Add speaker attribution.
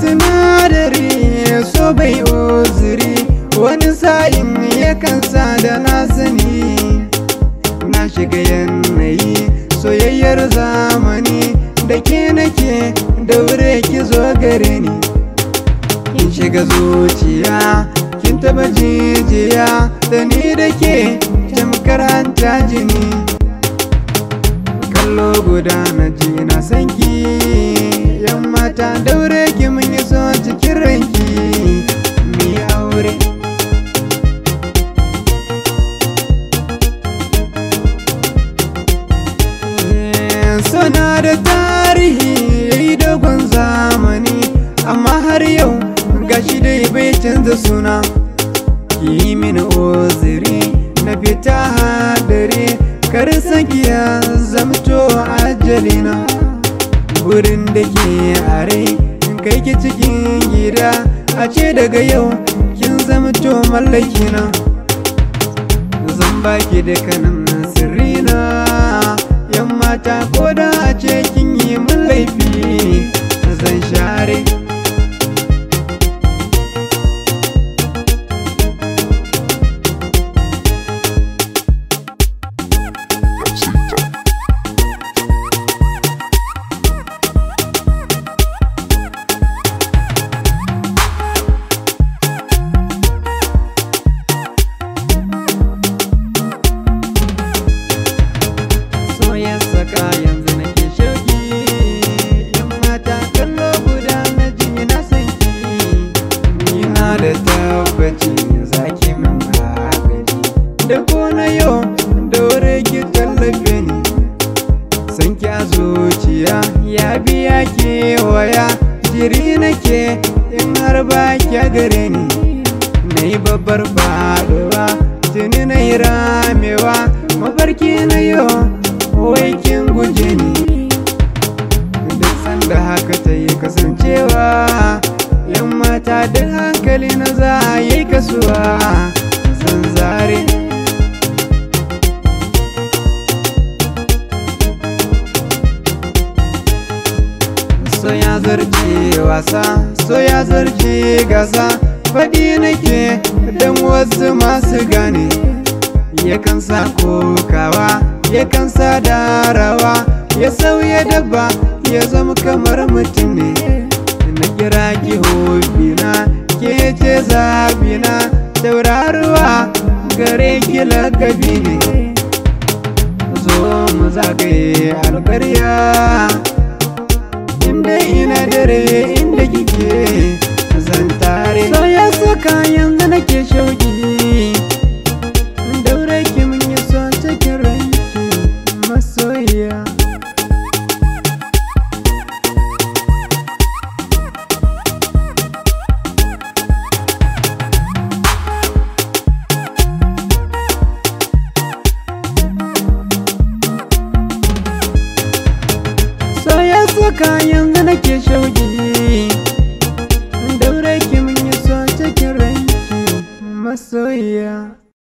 Speaker 1: sinadari so bai uzuri wani sa'in yakan sa da na sani na shiga yanayi soyayyar zamani da ke nake daure ki zo gare ni Kin shiga zuciya kin taba jijiya da ni da ke tamkar hanta jini kallo guda na jini na da tarihi dogon zamani amma har yau gashi dai bai canza suna ki mini oziri na fita hadari kar sakiya zamto ajalina wurin da ke are kai ki cikin gida a ce daga yau kin zamto mallakina zan baki dukkanin sirrina rayuwata ko da ce kin yi min laifi zan share a da tabbaci za ki min magani da kona yau daure ki tallafe ni san ki a zuciya ya biya ke waya jiri nake in harba ba ki na yi babbar faɗuwa tuni na yi ramewa mafarki na yau zare na za a yi kasuwa zanzare so ya zarce wasa so ya zarce gasa faɗi nake don wasu masu gane yakan sa kokawa yakan sa darawa ya sauya dabba yi lakabi zo mu zagaye alkarya inda ina dare inda kike zan so ya saka yanzu nake shauki haka yanzu nake shauki daure ki mun yi so cikin ranki masoyiya